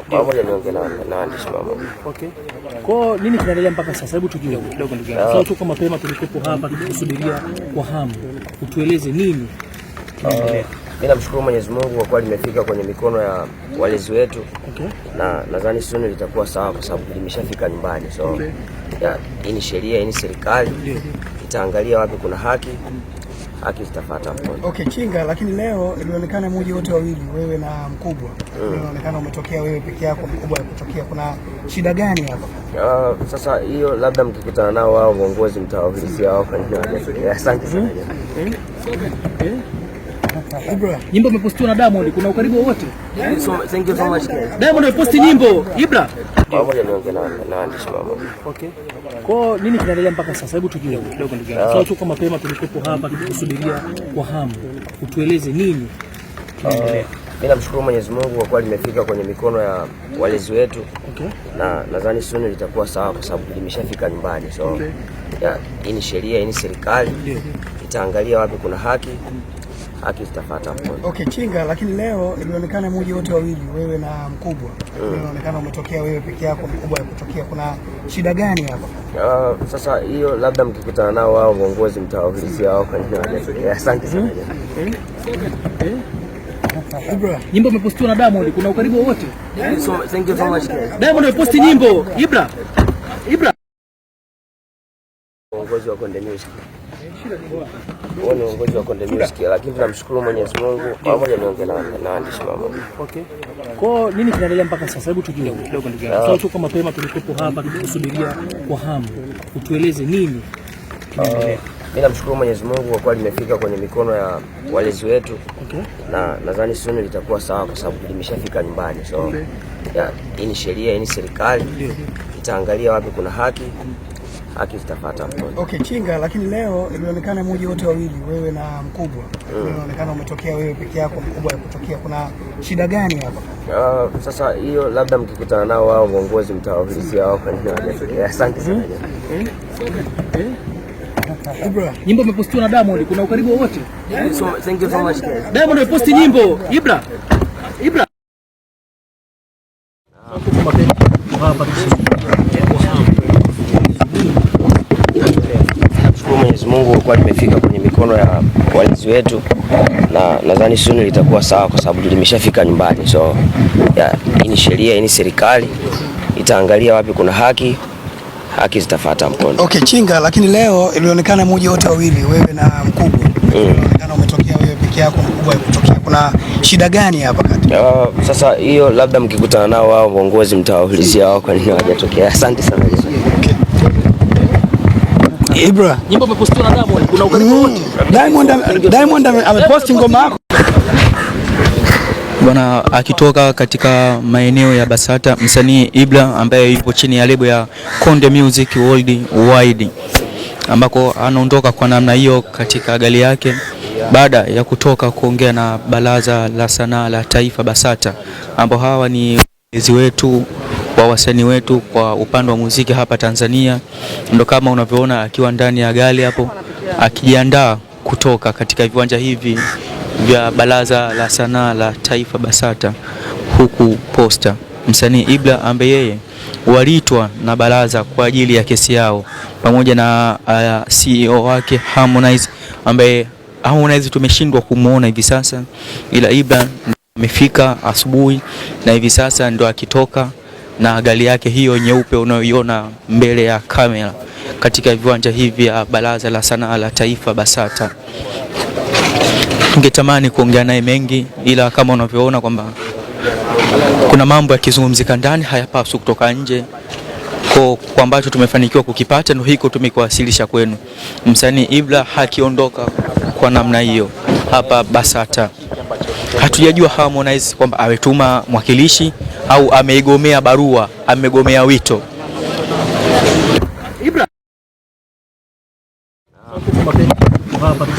pamoja niongee na waandishi pamoja. Okay. Kwa nini kinaendelea mpaka sasa? Hebu tujue kidogo ndugu yangu. Sasa tuko mapema tulikopo hapa tukisubiria kwa hamu. Utueleze nini kinaendelea? Mimi uh, namshukuru Mwenyezi Mungu kwa kuwa limefika kwenye mikono ya walezi wetu. Okay. Na nadhani soon litakuwa sawa kwa sababu limeshafika nyumbani. So, okay. hii ni sheria, hii ni serikali. Itaangalia wapi kuna haki haki zitafuata. Okay, Chinga, lakini leo ilionekana muji wote wawili wewe na mkubwa mm. umetokea wewe peke yako, mkubwa kutokea. Kuna shida gani hapa? Uh, sasa hiyo labda mkikutana nao wao viongozi mtawaulizia wao kwa nini mm. wanatokea. Asante sana. Mm. Mm nyimbo imepostiwa na Diamond, kuna ukaribu wowote? Thank you so much. Diamond ameposti nyimbo Ibra pamoja na waandishi wao. Okay. Kwa nini kinaendelea mpaka sasa? Hebu tujue kidogo ndugu yangu. Sasa ah. tuko mapema, tulikuwepo hapa tukisubiria kwa hamu, utueleze nini Mimi ah, namshukuru Mwenyezi Mungu kwa kuwa limefika kwenye mikono ya walezi wetu. Okay. Na nadhani soon litakuwa sawa kwa sababu limeshafika nyumbani. So, okay. Hii ni sheria, hii ni serikali. Itaangalia wapi kuna haki haki mkono. Okay, Chinga, lakini leo ilionekana muji wote wawili wewe na mkubwa mm. umetokea wewe peke yako, mkubwa yakutokea. Kuna shida gani hapa? Uh, sasa hiyo labda mkikutana nao wao viongozi mtawaulizia wao kwa nini wanatokea. Asante sana. Mm. Ibra, nyimbo imepostiwa na Diamond, kuna ukaribu wowote? Thank you so much. Diamond ameposti nyimbo Ibra uongozi wa Konde Music. Huo ni uongozi wa Konde Music, lakini tunamshukuru Mwenyezi Mungu pamoja niongee na waandishi pamoja. Okay. Kwa nini kinaendelea mpaka sasa? Hebu tujue kidogo ndugu yangu. Ah. Sasa tuko mapema tulikuwepo hapa tukikusubiria kwa hamu. Utueleze nini kinaendelea? Mimi ah, namshukuru Mwenyezi Mungu kwa kuwa limefika kwenye mikono ya walezi wetu. Okay. Na nadhani suni litakuwa sawa kwa sababu limeshafika nyumbani. So, okay. Ya, hii ni sheria, hii ni serikali. Itaangalia wapi kuna haki haki mkono. Okay, Chinga, lakini leo ilionekana mmoja wote wawili wewe na mkubwa mm. Inaonekana umetokea wewe peke yako, mkubwa yakutokea. Kuna shida gani hapa? Uh, sasa hiyo labda mkikutana nao wao viongozi mtawaulizia wao kwa nini hawajatokea. Mm. Asante sana. Mm. Ibra, nyimbo imepostiwa na Diamond, kuna ukaribu wowote? So, thank you so much. Diamond ameposti nyimbo. Ibra. Ibra. Mungu ulikuwa limefika kwenye mikono ya walinzi wetu, na nadhani soon litakuwa sawa, kwa sababu limeshafika nyumbani. So hii ni sheria, hii ni serikali itaangalia wapi kuna haki, haki zitafuata mkondo. Okay, Chinga, lakini leo ilionekana mmoja wote wawili, wewe na mkubwa mm. umetokea wewe peke yako, mkubwa umetokea. Kuna shida gani hapa kati? Uh, sasa hiyo labda mkikutana nao wao viongozi mtawaulizia wao kwa nini hawajatokea. Asante sana. Okay. Ibra. Eh, Nyimbo umepostiwa na Diamond, kuna ukaribu mm. wote. Diamond Diamond ameposti ngoma yako. Bwana akitoka katika maeneo ya Basata, msanii Ibra ambaye yupo chini ya lebo ya Konde Music World Wide ambako anaondoka kwa namna hiyo katika gari yake baada ya kutoka kuongea na Baraza la Sanaa la Taifa Basata, ambao hawa ni wezi wetu kwa wasanii wetu kwa upande wa muziki hapa Tanzania. Ndo kama unavyoona akiwa ndani ya gari hapo akijiandaa kutoka katika viwanja hivi vya Baraza la Sanaa la Taifa BASATA, huku Posta msanii Ibra ambaye yeye waliitwa na baraza kwa ajili ya kesi yao pamoja na uh, CEO wake Harmonize ambaye Harmonize tumeshindwa kumwona hivi sasa, ila Ibra amefika asubuhi na hivi sasa ndo akitoka na gari yake hiyo nyeupe unayoiona mbele ya kamera katika viwanja hivi vya Baraza la Sanaa la Taifa BASATA. Ningetamani kuongea naye mengi, ila kama unavyoona kwamba kuna mambo yakizungumzika ndani hayapaswi kutoka nje. Kwa ambacho tumefanikiwa kukipata ndio hiko tumekuwasilisha kwenu. Msanii Ibra hakiondoka kwa namna hiyo hapa BASATA hatujajua Harmonize kwamba ametuma mwakilishi au ameigomea barua, amegomea wito. namshukuru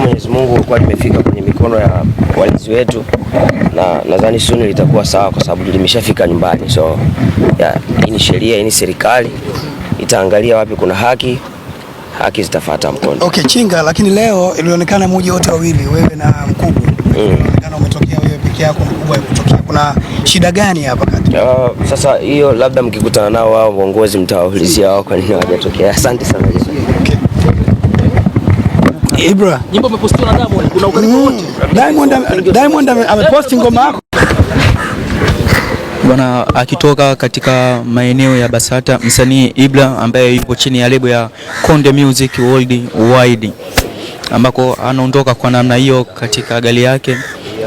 Mwenyezi Mungu kwa limefika kwenye mikono ya walinzi wetu, na nadhani suni litakuwa sawa, kwa sababu limeshafika nyumbani. So hii ni sheria, hii ni serikali, itaangalia wapi kuna haki haki zitafuata mkondo. Okay, Chinga, lakini leo ilionekana muji wote wawili wewe na Mkubwa mm. umetokea wewe peke yako, Mkubwa umetokea. Kuna shida gani hapa kati? Uh, sasa hiyo labda mkikutana nao wao viongozi mtawaulizia wao kwa nini hawajatokea. Asante sana Okay. Ibra. Nyimbo imepostiwa na Diamond, kuna ukaribu wote. Diamond ameposti ngoma yako bwana akitoka katika maeneo ya Basata, msanii Ibra ambaye yupo chini ya lebo ya Konde Music World Wide, ambako anaondoka kwa namna hiyo katika gari yake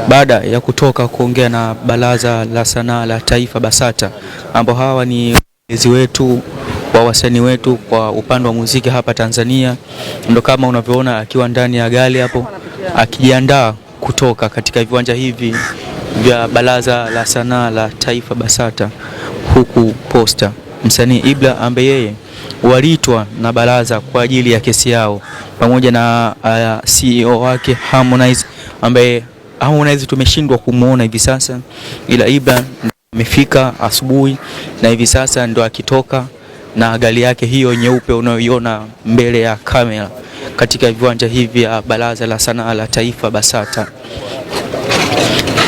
baada ya kutoka kuongea na Baraza la Sanaa la Taifa Basata, ambao hawa ni wezi wetu wa wasanii wetu kwa upande wa muziki hapa Tanzania. Ndo kama unavyoona akiwa ndani ya gari hapo akijiandaa kutoka katika viwanja hivi vya Baraza la Sanaa la Taifa BASATA, huku posta msanii Ibra ambaye yeye waliitwa na baraza kwa ajili ya kesi yao pamoja na uh, CEO wake Harmonize ambaye Harmonize tumeshindwa kumwona hivi sasa, ila Ibra amefika asubuhi na hivi sasa ndo akitoka na gari yake hiyo nyeupe unayoiona mbele ya kamera katika viwanja hivi vya Baraza la Sanaa la Taifa BASATA.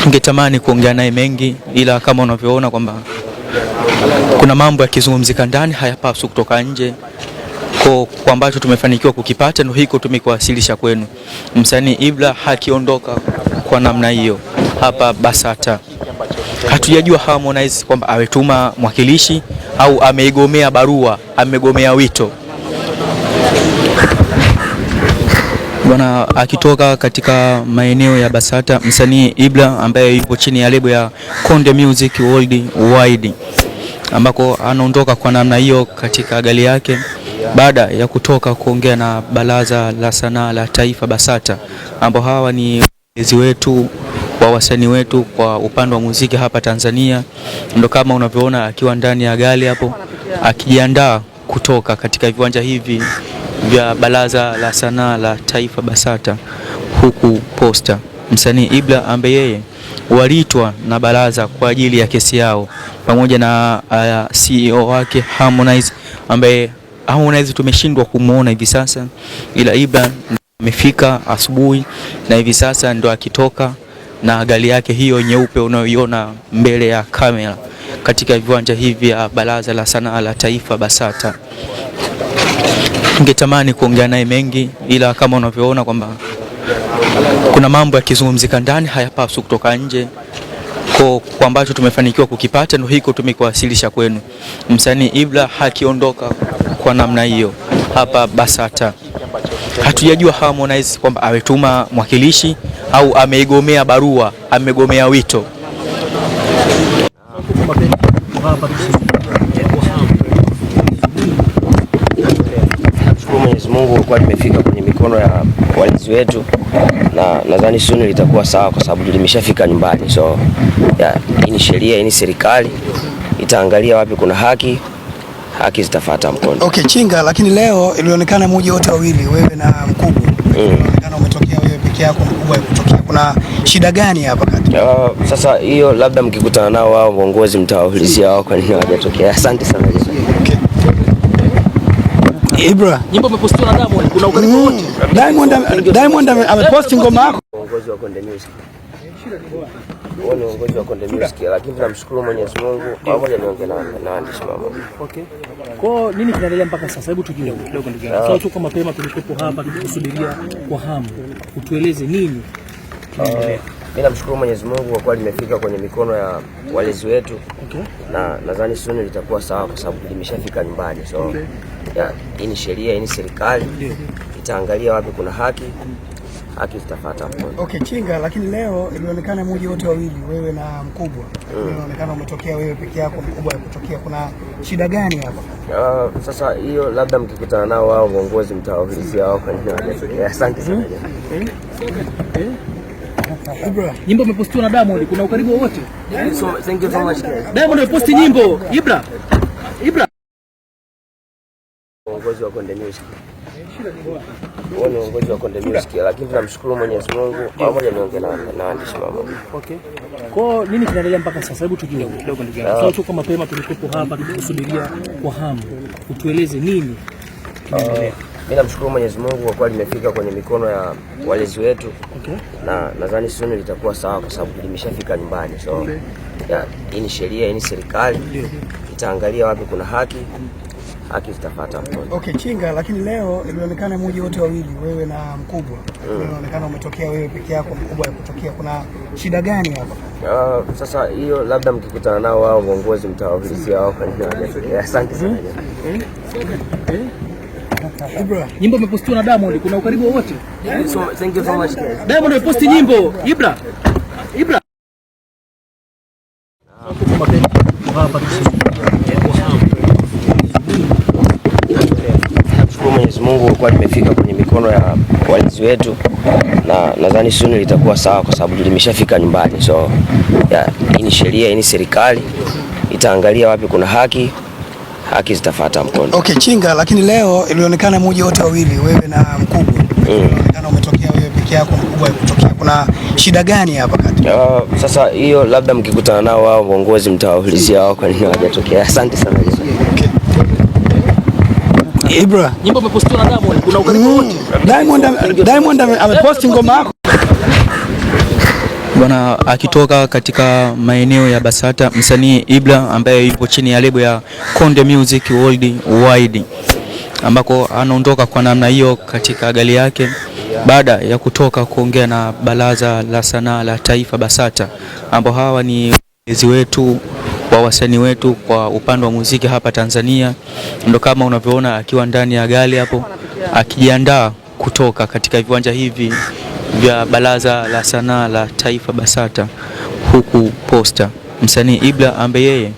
Ningetamani kuongea naye mengi, ila kama unavyoona kwamba kuna mambo yakizungumzika ndani hayapaswi kutoka nje. Kwa ambacho tumefanikiwa kukipata ndio hiko tumekuwasilisha kwenu. Msanii Ibra hakiondoka kwa namna hiyo hapa Basata. Hatujajua Harmonize kwamba awetuma mwakilishi au ameigomea barua, amegomea wito. Bwana akitoka katika maeneo ya Basata, msanii Ibra ambaye yupo chini ya lebo ya Konde Music World Wide, ambako anaondoka kwa namna hiyo katika gari yake baada ya kutoka kuongea na Baraza la Sanaa la Taifa Basata, ambao hawa ni wezi wetu wa wasanii wetu kwa upande wa muziki hapa Tanzania. Ndo kama unavyoona akiwa ndani ya gari hapo akijiandaa kutoka katika viwanja hivi vya Baraza la Sanaa la Taifa BASATA, huku posta msanii Ibra ambaye yeye walitwa na baraza kwa ajili ya kesi yao pamoja na uh, CEO wake Harmonize ambaye Harmonize tumeshindwa kumwona hivi sasa, ila Ibra amefika asubuhi na hivi sasa ndo akitoka na gari yake hiyo nyeupe unayoiona mbele ya kamera katika viwanja hivi vya Baraza la Sanaa la Taifa BASATA ningetamani kuongea naye mengi, ila kama unavyoona kwamba kuna mambo yakizungumzika ndani hayapaswi kutoka nje. Kwa kwa ambacho tumefanikiwa kukipata ndio hiko tumekuwasilisha kwenu. Msanii Ibra hakiondoka kwa namna hiyo hapa Basata. Hatujajua Harmonize kwamba ametuma mwakilishi au ameigomea barua, amegomea wito. Mungu ulikuwa limefika kwenye mikono ya walinzi wetu, na nadhani soon litakuwa sawa, kwa sababu limeshafika nyumbani. So hii ni sheria, hii ni serikali itaangalia wapi kuna haki, haki zitafuata mkono. Okay, Chinga, lakini leo ilionekana moja wote wawili, wewe na mkubwa mm. umetokea wewe peke yako, mkubwa kutokea. Kuna shida gani hapa kati? Uh, sasa hiyo labda mkikutana nao wao viongozi mtawaulizia wao kwa nini hawajatokea. Asante sana. Ibra, eh, nyimbo umepostiwa na Diamond, kuna ukaribu mm. wote. Diamond Diamond ameposti ngoma yako. Uongozi wa Konde Music. Huo ni uongozi wa Konde Music, lakini tunamshukuru Mwenyezi Mungu pamoja niongea na waandishi mama. Okay. Kwa nini kinaendelea mpaka sasa? Hebu tujue kidogo ndugu yangu. Ah. Sasa tuko mapema tulikuwa hapa tukikusubiria kwa hamu. Utueleze nini kinaendelea? Ah. Mimi namshukuru Mwenyezi Mungu kwa kuwa limefika kwenye mikono ya walezi wetu okay. Na nadhani soon litakuwa sawa kwa sababu limeshafika nyumbani so okay. Ya, hii ni sheria, hii ni serikali okay. Itaangalia wapi kuna haki, haki zitafuata hapo. Okay, Chinga, lakini leo ilionekana mmoja wote wawili wewe na mkubwa mm. Inaonekana umetokea wewe peke yako, mkubwa yakutokea. Kuna shida gani hapa? Uh, sasa hiyo labda mkikutana nao wao viongozi mtawaulizia wao kwa nini. Asante sana. Mm. Mm. Mm. Nyimbo umepostiwa na Diamond, kuna ukaribu wowote? So, thank you so much. Diamond umeposti nyimbo Ibra. Ibra. Uongozi wa Konde Music. Huo ni uongozi wa Konde Music, lakini tunamshukuru Mwenyezi Mungu. Pamoja niongee na waandishi mambo. Okay. Kwa nini kinaendelea mpaka sasa? Hebu tujue kidogo ndugu yangu. Ah. Sasa tuko mapema, tulikuwa hapa tukisubiria kwa hamu. Utueleze nini kinaendelea? Mimi namshukuru Mwenyezi Mungu kwa kuwa limefika kwenye mikono ya walezi wetu okay. na nadhani suni litakuwa sawa kwa sababu limeshafika nyumbani so ya, hii ni sheria, hii ni serikali itaangalia wapi kuna haki haki zitafuata mkono. Okay, Chinga, lakini leo ilionekana muji wote wawili wewe na mkubwa mm. Inaonekana umetokea wewe peke yako, mkubwa yakutokea. Kuna shida gani hapa? Uh, sasa hiyo labda mkikutana nao wao viongozi mtawaulizia wao. Asante sana. Hmm? Hmm? Hmm? nyimbo imepostiwa na Diamond, kuna ukaribu wowote? So, thank you so much. Diamond ameposti nyimbo Ibra. Ibra. Nashukuru Mwenyezi Mungu kwa nimefika kwenye mikono ya walinzi wetu na nadhani suni litakuwa sawa kwa sababu limeshafika nyumbani. So, hii ni sheria, hii ni serikali itaangalia wapi kuna haki haki zitafuata mkondo. Okay, Chinga, lakini leo ilionekana mmoja wote wawili wewe na mkubwa mm. inaonekana mm. umetokea wewe peke yako, mkubwa umetokea. Kuna shida gani hapa kati? Uh, sasa hiyo labda mkikutana nao wao uongozi mtawaulizia wao kwa nini hawajatokea. Asante sana Okay. Ibra, nyimbo umepostiwa na Diamond, kuna ukaribu wote. Mm. Diamond Diamond ameposti ngoma yako. Bwana akitoka katika maeneo ya Basata, msanii Ibra ambaye yupo chini ya lebo ya Konde Music Wide, ambako anaondoka kwa namna hiyo katika gari yake baada ya kutoka kuongea na Baraza la Sanaa la Taifa Basata, ambao hawa ni wezi wetu wa wasanii wetu kwa upande wa muziki hapa Tanzania. Ndo kama unavyoona akiwa ndani ya gari hapo akijiandaa kutoka katika viwanja hivi vya Baraza la Sanaa la Taifa BASATA, huku Posta msanii Ibra ambaye yeye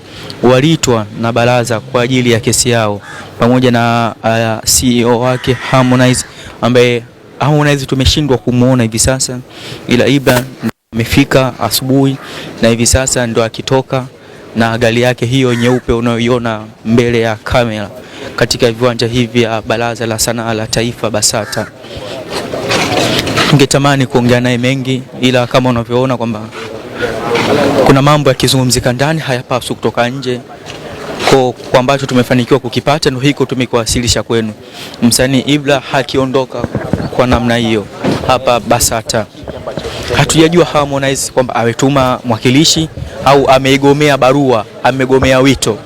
walitwa na baraza kwa ajili ya kesi yao pamoja na uh, CEO wake Harmonize ambaye Harmonize tumeshindwa kumwona hivi sasa, ila Ibra amefika asubuhi na hivi sasa ndo akitoka na gari yake hiyo nyeupe unayoiona mbele ya kamera katika viwanja hivi vya Baraza la Sanaa la Taifa BASATA. Ningetamani kuongea naye mengi, ila kama unavyoona kwamba kuna mambo yakizungumzika ndani hayapaswi kutoka nje. Kwa kwa ambacho tumefanikiwa kukipata ndio hiko tumekuwasilisha kwenu. Msanii Ibra hakiondoka kwa namna hiyo hapa Basata. Hatujajua Harmonize kwamba ametuma mwakilishi au ameigomea barua, amegomea wito.